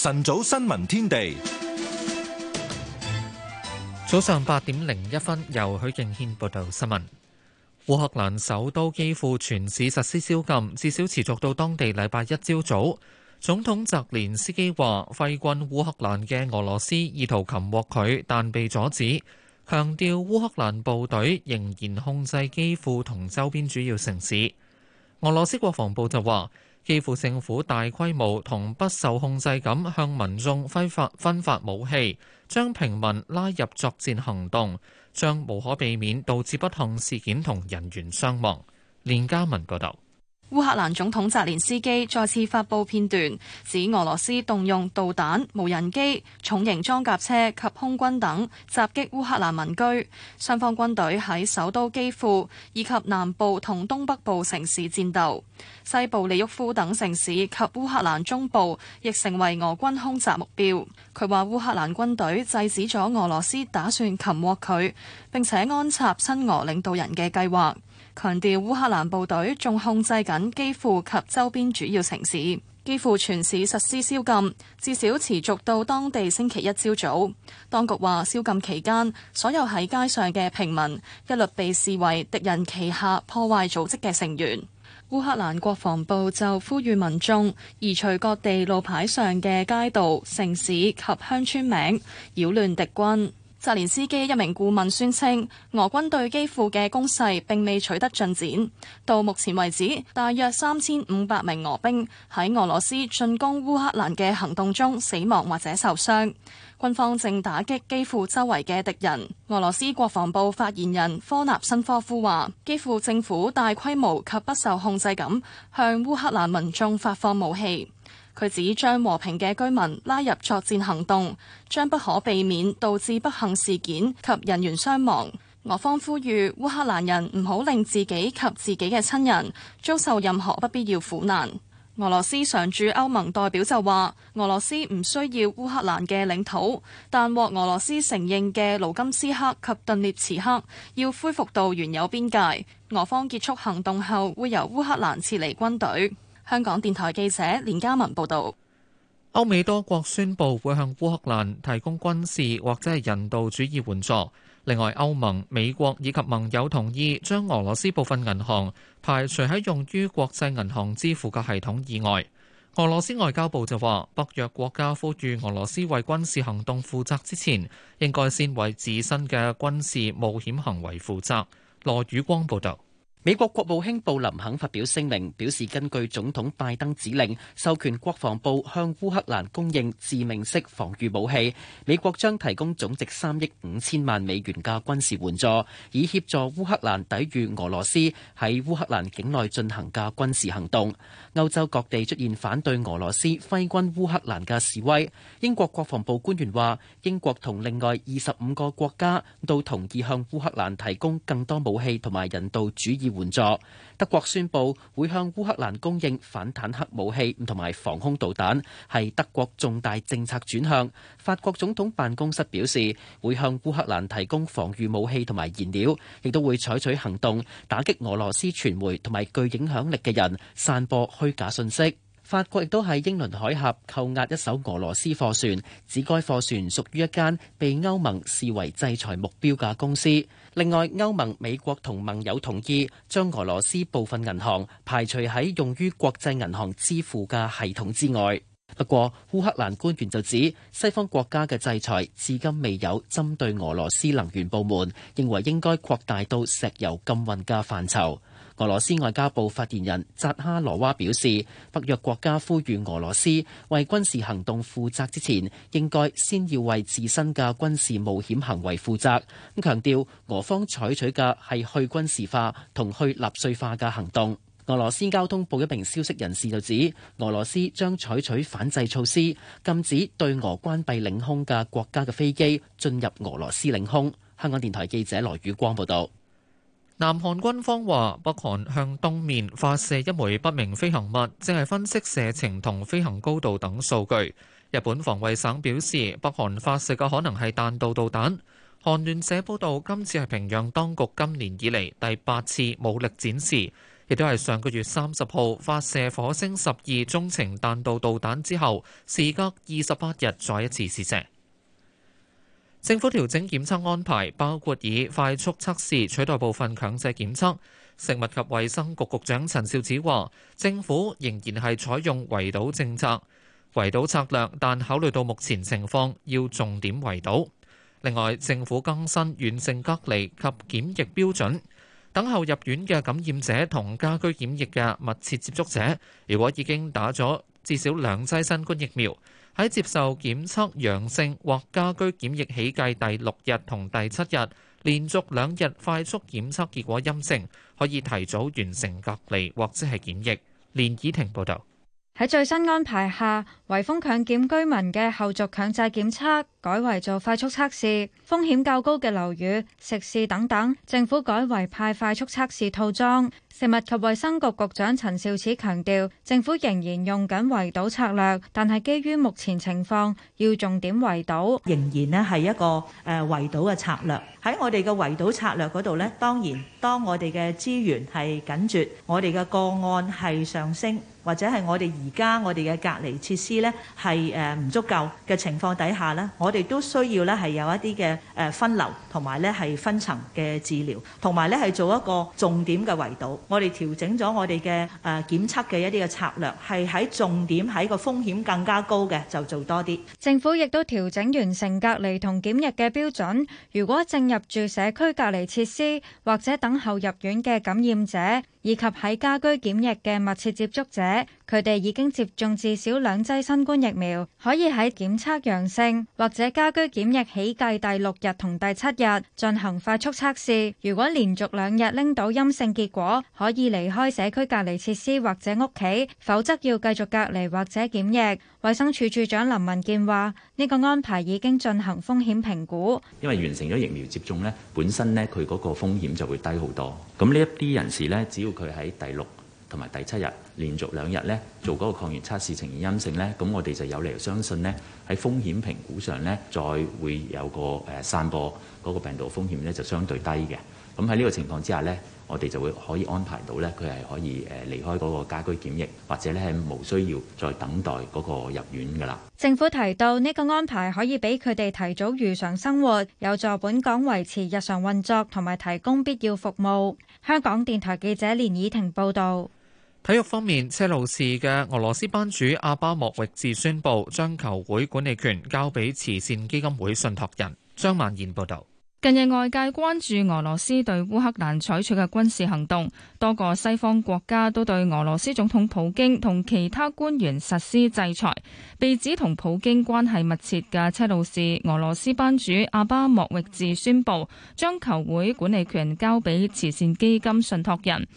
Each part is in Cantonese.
晨早新聞天地，早上八點零一分，由許敬軒報道新聞。烏克蘭首都基輔全市實施宵禁，至少持續到當地禮拜一朝早。總統澤連斯基話，揮軍烏克蘭嘅俄羅斯意圖擒獲佢，但被阻止。強調烏克蘭部隊仍然控制基輔同周邊主要城市。俄羅斯國防部就話。幾乎政府大規模同不受控制咁向民眾揮發分發武器，將平民拉入作戰行動，將無可避免導致不幸事件同人員傷亡。連家文報道。烏克蘭總統澤連斯基再次發布片段，指俄羅斯動用導彈、無人機、重型裝甲車及空軍等襲擊烏克蘭民居。雙方軍隊喺首都基輔以及南部同東北部城市戰鬥，西部利沃夫等城市及烏克蘭中部亦成為俄軍空襲目標。佢話烏克蘭軍隊制止咗俄羅斯打算擒獲佢，並且安插親俄領導人嘅計劃。強調烏克蘭部隊仲控制緊基輔及周邊主要城市，基輔全市實施宵禁，至少持續到當地星期一朝早。當局話宵禁期間，所有喺街上嘅平民一律被視為敵人旗下破壞組織嘅成員。烏克蘭國防部就呼籲民眾移除各地路牌上嘅街道、城市及鄉村名，擾亂敵軍。澤連斯基一名顧問宣稱，俄軍對基輔嘅攻勢並未取得進展。到目前為止，大約三千五百名俄兵喺俄羅斯進攻烏克蘭嘅行動中死亡或者受傷。軍方正打擊基輔周圍嘅敵人。俄羅斯國防部發言人科納申科夫話，基輔政府大規模及不受控制咁向烏克蘭民眾發放武器。佢指將和平嘅居民拉入作戰行動，將不可避免導致不幸事件及人員傷亡。俄方呼籲烏克蘭人唔好令自己及自己嘅親人遭受任何不必要苦難。俄羅斯常駐歐盟代表就話：俄羅斯唔需要烏克蘭嘅領土，但獲俄羅斯承認嘅盧甘斯克及頓涅茨克要恢復到原有邊界。俄方結束行動後，會由烏克蘭撤離軍隊。香港電台記者連嘉文報道，歐美多國宣布會向烏克蘭提供軍事或者係人道主義援助。另外，歐盟、美國以及盟友同意將俄羅斯部分銀行排除喺用於國際銀行支付嘅系統以外。俄羅斯外交部就話，北約國家呼籲俄羅斯為軍事行動負責之前，應該先為自身嘅軍事冒險行為負責。羅宇光報道。美國國務卿布林肯發表聲明，表示根據總統拜登指令，授權國防部向烏克蘭供應致命式防御武器。美國將提供總值三億五千萬美元嘅軍事援助，以協助烏克蘭抵御俄羅斯喺烏克蘭境內進行嘅軍事行動。歐洲各地出現反對俄羅斯揮軍烏克蘭嘅示威。英國國防部官員話，英國同另外二十五個國家都同意向烏克蘭提供更多武器同埋人道主義。援助。德國宣布會向烏克蘭供應反坦克武器同埋防空導彈，係德國重大政策轉向。法國總統辦公室表示會向烏克蘭提供防禦武器同埋燃料，亦都會採取行動打擊俄羅斯傳媒同埋具影響力嘅人，散播虛假信息。法國亦都喺英倫海峽扣押一艘俄羅斯貨船，指該貨船屬於一間被歐盟視為制裁目標嘅公司。另外，歐盟、美國同盟友同意將俄羅斯部分銀行排除喺用於國際銀行支付嘅系統之外。不過，烏克蘭官員就指，西方國家嘅制裁至今未有針對俄羅斯能源部門，認為應該擴大到石油禁運嘅範疇。俄羅斯外交部發言人扎哈羅娃表示，北約國家呼籲俄羅斯為軍事行動負責之前，應該先要為自身嘅軍事冒險行為負責。咁強調，俄方採取嘅係去軍事化同去納粹化嘅行動。俄羅斯交通部一名消息人士就指，俄羅斯將採取反制措施，禁止對俄關閉領空嘅國家嘅飛機進入俄羅斯領空。香港電台記者羅宇光報道。南韓軍方話，北韓向東面發射一枚不明飛行物，正係分析射程同飛行高度等數據。日本防衛省表示，北韓發射嘅可能係彈道導彈。韓聯社報導，今次係平壤當局今年以嚟第八次武力展示，亦都係上個月三十號發射火星十二中程彈道導彈之後，時隔二十八日再一次試射。政府調整檢測安排，包括以快速測試取代部分強制檢測。食物及衛生局局長陳肇始話：政府仍然係採用圍堵政策、圍堵策略，但考慮到目前情況，要重點圍堵。另外，政府更新完成隔離及檢疫標準，等候入院嘅感染者同家居檢疫嘅密切接觸者，如果已經打咗至少兩劑新冠疫苗，喺接受檢測陽性或家居檢疫起計第六日同第七日，連續兩日快速檢測結果陰性，可以提早完成隔離或者係檢疫。連以婷報道。喺最新安排下，圍封強檢居民嘅後續強制檢測，改為做快速測試。風險較高嘅樓宇、食肆等等，政府改為派快速測試套裝。食物及衛生局局長陳肇始強調，政府仍然用緊圍堵策略，但係基於目前情況，要重點圍堵，仍然呢係一個誒圍堵嘅策略。喺我哋嘅圍堵策略嗰度呢，當然當我哋嘅資源係緊絕，我哋嘅個案係上升。或者係我哋而家我哋嘅隔離設施呢，係誒唔足夠嘅情況底下呢，我哋都需要呢係有一啲嘅誒分流同埋呢係分層嘅治療，同埋呢係做一個重點嘅圍堵。我哋調整咗我哋嘅誒檢測嘅一啲嘅策略，係喺重點喺個風險更加高嘅就做多啲。政府亦都調整完成隔離同檢疫嘅標準。如果正入住社區隔離設施或者等候入院嘅感染者，以及喺家居檢疫嘅密切接觸者。佢哋已經接種至少兩劑新冠疫苗，可以喺檢測陽性或者家居檢疫起計第六日同第七日進行快速測試。如果連續兩日拎到陰性結果，可以離開社區隔離設施或者屋企，否則要繼續隔離或者檢疫。衛生署署長林文健話：呢個安排已經進行風險評估，因為完成咗疫苗接種呢，本身呢佢嗰個風險就會低好多。咁呢一啲人士呢，只要佢喺第六同埋第七日連續兩日咧做嗰個抗原測試呈現陰性咧，咁我哋就有理由相信呢喺風險評估上呢，再會有個誒散播嗰個病毒風險咧就相對低嘅。咁喺呢個情況之下呢，我哋就會可以安排到呢，佢係可以誒離開嗰個家居檢疫，或者咧係無需要再等待嗰個入院噶啦。政府提到呢個安排可以俾佢哋提早如常生活，有助本港維持日常運作同埋提供必要服務。香港電台記者連以婷報導。體育方面，車路士嘅俄羅斯班主阿巴莫域治宣布將球會管理權交俾慈善基金會信託人。張曼燕報道。近日外界關注俄羅斯對烏克蘭採取嘅軍事行動，多個西方國家都對俄羅斯總統普京同其他官員實施制裁。被指同普京關係密切嘅車路士俄羅斯班主阿巴莫域治宣布將球會管理權交俾慈善基金信託人。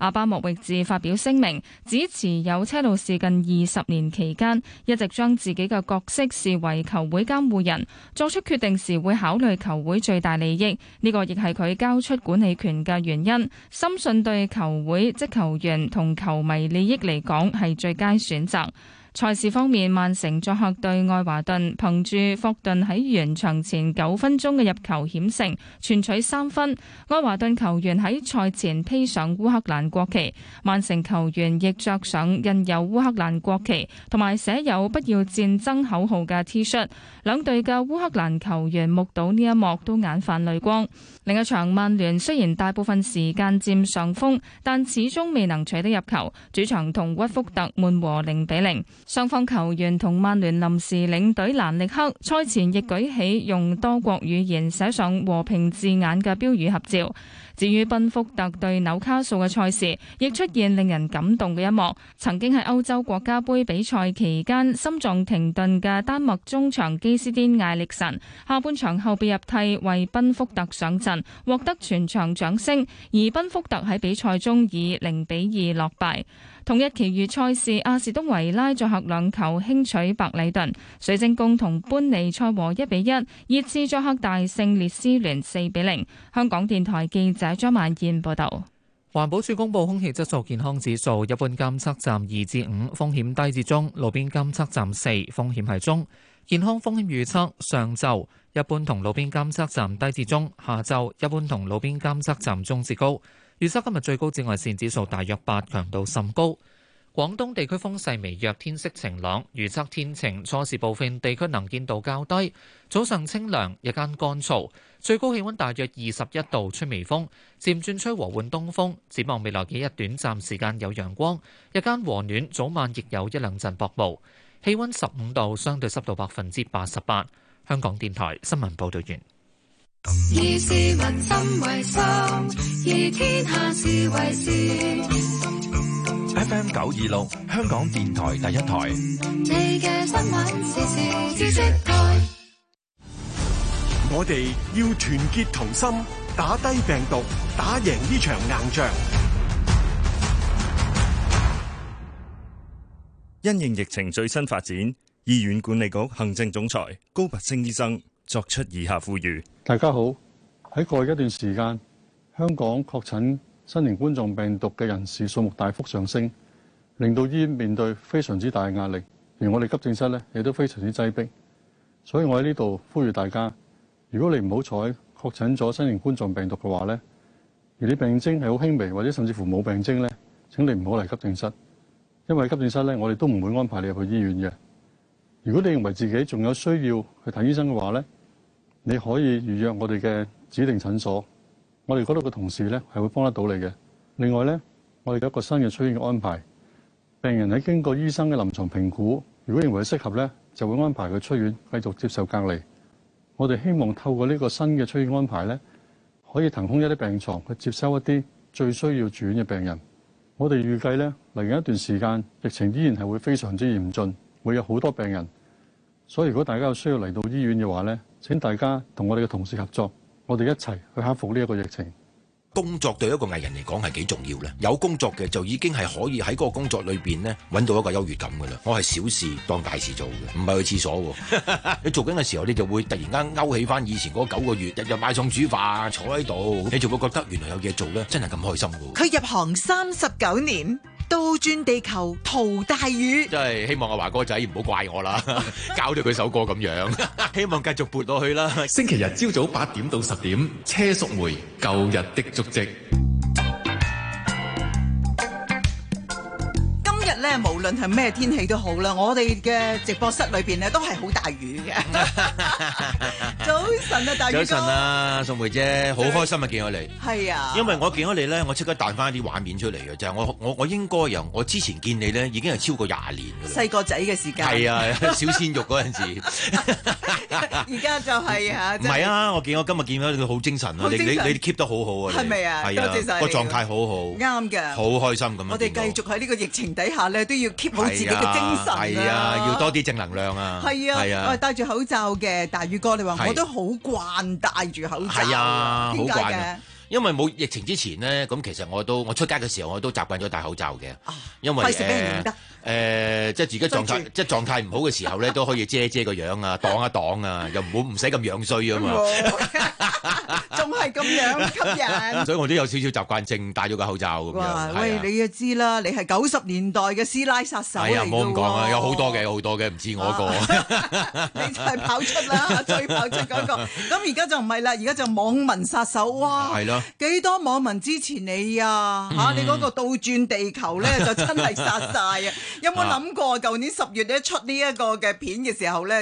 阿巴莫域治發表聲明，指持有車路士近二十年期間，一直將自己嘅角色視為球會監護人，作出決定時會考慮球會最大利益。呢個亦係佢交出管理權嘅原因，深信對球會、即球員同球迷利益嚟講係最佳選擇。賽事方面，曼城作客對愛華頓，憑住霍頓喺完場前九分鐘嘅入球險勝，全取三分。愛華頓球員喺賽前披上烏克蘭國旗，曼城球員亦着上印有烏克蘭國旗同埋寫有“不要戰爭”口號嘅 T 恤。兩隊嘅烏克蘭球員目睹呢一幕都眼泛淚光。另一場曼聯雖然大部分時間佔上風，但始終未能取得入球，主場同屈福特悶和零比零。0, 雙方球員同曼聯臨時領隊蘭力克，賽前亦舉起用多國語言寫上和平字眼嘅標語合照。至於賓福特對紐卡素嘅賽事，亦出現令人感動嘅一幕。曾經喺歐洲國家杯比賽期間心臟停頓嘅丹麥中場基斯丁艾力神，下半場後被入替為賓福特上陣，獲得全場掌聲，而賓福特喺比賽中以零比二落敗。同日，其餘賽事，阿士東維拉作客兩球輕取白禮頓，水晶宮同班尼賽和一比一，熱刺作客大勝列斯，聯，四比零。香港電台記者張萬燕報道。環保署公布空氣質素健康指數，一般監測站二至五，風險低至中；路邊監測站四，風險係中。健康風險預測：上晝一般同路邊監測站低至中，下晝一般同路邊監測站中至高。預測今日最高紫外線指數大約八，強度甚高。廣東地區風勢微弱，天色晴朗，預測天晴，初時部分地區能見度較低，早上清涼，日間乾燥，最高氣溫大約二十一度，吹微風，漸轉吹和緩東風。展望未來幾日，短暫時間有陽光，日間和暖，早晚亦有一兩陣薄霧，氣溫十五度，相對濕度百分之八十八。香港電台新聞報道完。以市民心為心，以天下事為事。 FM 九二六，香港電台第一台。你嘅新聞時事知識台， 我哋要團結同心，打低病毒，打贏呢場硬仗。因應疫情最新發展，醫院管理局行政總裁高拔升醫生。作出以下呼籲：大家好，喺過去一段時間，香港確診新型冠狀病毒嘅人士數目大幅上升，令到醫院面對非常之大嘅壓力，而我哋急症室咧亦都非常之擠迫。所以我喺呢度呼籲大家，如果你唔好彩確診咗新型冠狀病毒嘅話咧，而你病徵係好輕微或者甚至乎冇病徵咧，請你唔好嚟急症室，因為急症室咧我哋都唔會安排你入去醫院嘅。如果你認為自己仲有需要去睇醫生嘅話咧，你可以預約我哋嘅指定診所，我哋嗰度嘅同事咧，係會幫得到你嘅。另外咧，我哋有一個新嘅出院嘅安排，病人喺經過醫生嘅臨床評估，如果認為適合咧，就會安排佢出院繼續接受隔離。我哋希望透過呢個新嘅出院安排咧，可以騰空一啲病床去接收一啲最需要住院嘅病人。我哋預計咧嚟緊一段時間，疫情依然係會非常之嚴峻，會有好多病人。所以如果大家有需要嚟到醫院嘅話咧，請大家同我哋嘅同事合作，我哋一齊去克服呢一個疫情。工作對一個藝人嚟講係幾重要咧？有工作嘅就已經係可以喺嗰個工作裏邊咧搵到一個優越感嘅啦。我係小事當大事做嘅，唔係去廁所喎。你做緊嘅時候，你就會突然間勾起返以前嗰九個月日日買餸煮飯坐喺度，你就會覺得原來有嘢做咧，真係咁開心嘅。佢入行三十九年。倒轉地球，淘大雨，真係希望阿華哥仔唔好怪我啦，搞咗佢首歌咁樣， 希望繼續撥落去啦。星期日朝早八點到十點，車淑梅《舊日的足跡》。無論係咩天氣都好啦，我哋嘅直播室裏邊咧都係好大雨嘅。早晨啊，大雨哥。早晨啊，宋梅姐，好開心啊，見到你。係啊。因為我見到你咧，我即刻彈翻啲畫面出嚟嘅，就係我我我應該由我之前見你咧，已經係超過廿年嘅啦。細個仔嘅時間。係啊，小鮮肉嗰陣時。而家就係啊。唔係啊，我見我今日見到你，好精神啊！你你你 keep 得好好啊。係咪啊？係啊。多謝晒！個狀態好好。啱嘅。好開心咁樣。我哋繼續喺呢個疫情底下咧，都要，keep 好自己嘅精神啊！係啊，要多啲正能量啊！係啊，我係戴住口罩嘅大宇哥，你話我都好慣戴住口罩。係啊，好慣。因為冇疫情之前咧，咁其實我都我出街嘅時候我都習慣咗戴口罩嘅。因為費事俾人認得。誒，即係自己狀態，即係狀態唔好嘅時候咧，都可以遮遮個樣啊，擋一擋啊，又唔好唔使咁樣衰啊嘛。唔係咁樣吸引，所以我都有少少習慣症，戴咗個口罩咁樣。喂，你又知啦，你係九十年代嘅師奶殺手嚟嘅喎。唔好講啊，有好多嘅，好多嘅，唔知我個。你就係跑出啦，最跑出嗰個。咁而家就唔係啦，而家就網民殺手。哇，係咯，幾多網民支持你啊？嚇，你嗰個倒轉地球咧，就真係殺曬啊！有冇諗過？舊年十月你一出呢一個嘅片嘅時候咧？